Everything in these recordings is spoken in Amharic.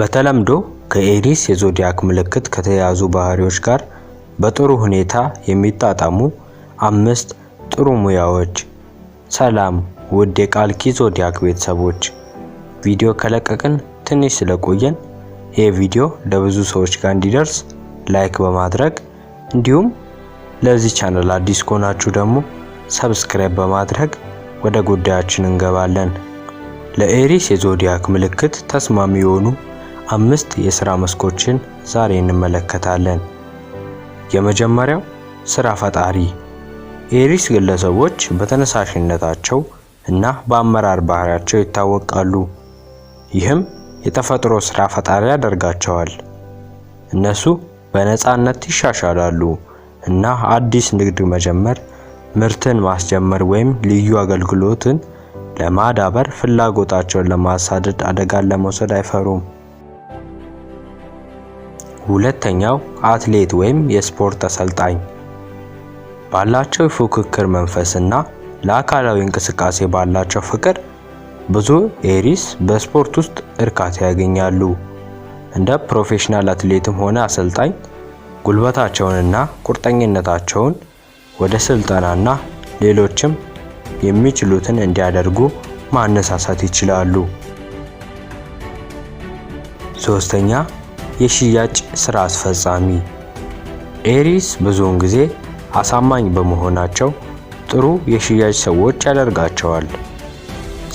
በተለምዶ ከኤሪስ የዞዲያክ ምልክት ከተያያዙ ባህሪዎች ጋር በጥሩ ሁኔታ የሚጣጣሙ አምስት ጥሩ ሙያዎች። ሰላም ውድ የቃል ኪ ዞዲያክ ቤተሰቦች፣ ቪዲዮ ከለቀቅን ትንሽ ስለቆየን ይህ ቪዲዮ ለብዙ ሰዎች ጋር እንዲደርስ ላይክ በማድረግ እንዲሁም ለዚህ ቻናል አዲስ ከሆናችሁ ደግሞ ሰብስክራይብ በማድረግ ወደ ጉዳያችን እንገባለን። ለኤሪስ የዞዲያክ ምልክት ተስማሚ የሆኑ አምስት የሥራ መስኮችን ዛሬ እንመለከታለን። የመጀመሪያው ሥራ ፈጣሪ ኤሪስ ግለሰቦች በተነሳሽነታቸው እና በአመራር ባህሪያቸው ይታወቃሉ። ይህም የተፈጥሮ ሥራ ፈጣሪ ያደርጋቸዋል። እነሱ በነፃነት ይሻሻላሉ እና አዲስ ንግድ መጀመር፣ ምርትን ማስጀመር ወይም ልዩ አገልግሎትን ለማዳበር ፍላጎታቸውን ለማሳደድ አደጋን ለመውሰድ አይፈሩም። ሁለተኛው አትሌት ወይም የስፖርት አሰልጣኝ ባላቸው የፉክክር መንፈስና ለአካላዊ እንቅስቃሴ ባላቸው ፍቅር ብዙ ኤሪስ በስፖርት ውስጥ እርካታ ያገኛሉ። እንደ ፕሮፌሽናል አትሌትም ሆነ አሰልጣኝ ጉልበታቸውንና ቁርጠኝነታቸውን ወደ ስልጠናና ሌሎችም የሚችሉትን እንዲያደርጉ ማነሳሳት ይችላሉ። ሶስተኛ የሽያጭ ስራ አስፈጻሚ። ኤሪስ ብዙውን ጊዜ አሳማኝ በመሆናቸው ጥሩ የሽያጭ ሰዎች ያደርጋቸዋል።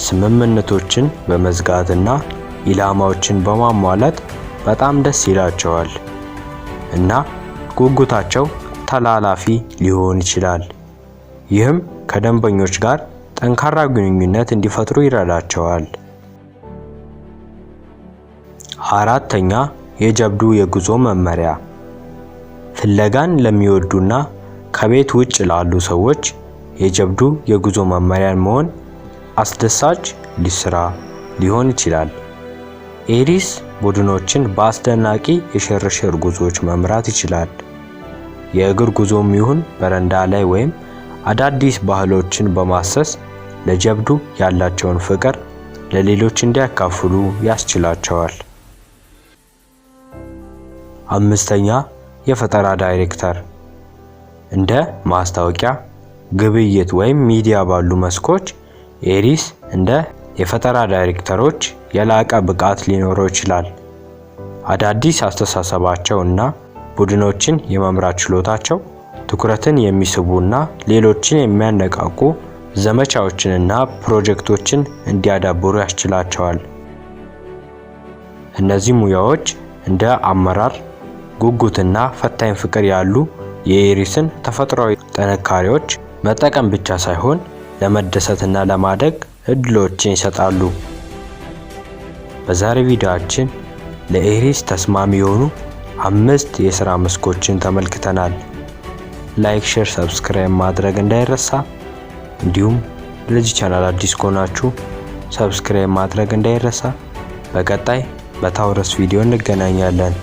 ስምምነቶችን በመዝጋትና ኢላማዎችን በማሟላት በጣም ደስ ይላቸዋል እና ጉጉታቸው ተላላፊ ሊሆን ይችላል። ይህም ከደንበኞች ጋር ጠንካራ ግንኙነት እንዲፈጥሩ ይረዳቸዋል። አራተኛ የጀብዱ የጉዞ መመሪያ ፍለጋን ለሚወዱና ከቤት ውጭ ላሉ ሰዎች የጀብዱ የጉዞ መመሪያን መሆን አስደሳች ሊስራ ሊሆን ይችላል። ኤሪስ ቡድኖችን በአስደናቂ የሽርሽር ጉዞዎች መምራት ይችላል። የእግር ጉዞም ይሁን በረንዳ ላይ ወይም አዳዲስ ባህሎችን በማሰስ ለጀብዱ ያላቸውን ፍቅር ለሌሎች እንዲያካፍሉ ያስችላቸዋል። አምስተኛ የፈጠራ ዳይሬክተር እንደ ማስታወቂያ፣ ግብይት ወይም ሚዲያ ባሉ መስኮች ኤሪስ እንደ የፈጠራ ዳይሬክተሮች የላቀ ብቃት ሊኖረው ይችላል። አዳዲስ አስተሳሰባቸው እና ቡድኖችን የመምራት ችሎታቸው ትኩረትን የሚስቡና ሌሎችን የሚያነቃቁ ዘመቻዎችንና ፕሮጀክቶችን እንዲያዳብሩ ያስችላቸዋል። እነዚህ ሙያዎች እንደ አመራር ጉጉትና ፈታኝ ፍቅር ያሉ የኤሪስን ተፈጥሯዊ ጥንካሬዎች መጠቀም ብቻ ሳይሆን ለመደሰትና ለማደግ እድሎችን ይሰጣሉ። በዛሬ ቪዲዮአችን ለኤሪስ ተስማሚ የሆኑ አምስት የሥራ መስኮችን ተመልክተናል። ላይክ፣ ሼር፣ ሰብስክራይብ ማድረግ እንዳይረሳ። እንዲሁም ለዚህ ቻናል አዲስ ከሆናችሁ ሰብስክራይብ ማድረግ እንዳይረሳ። በቀጣይ በታውረስ ቪዲዮ እንገናኛለን።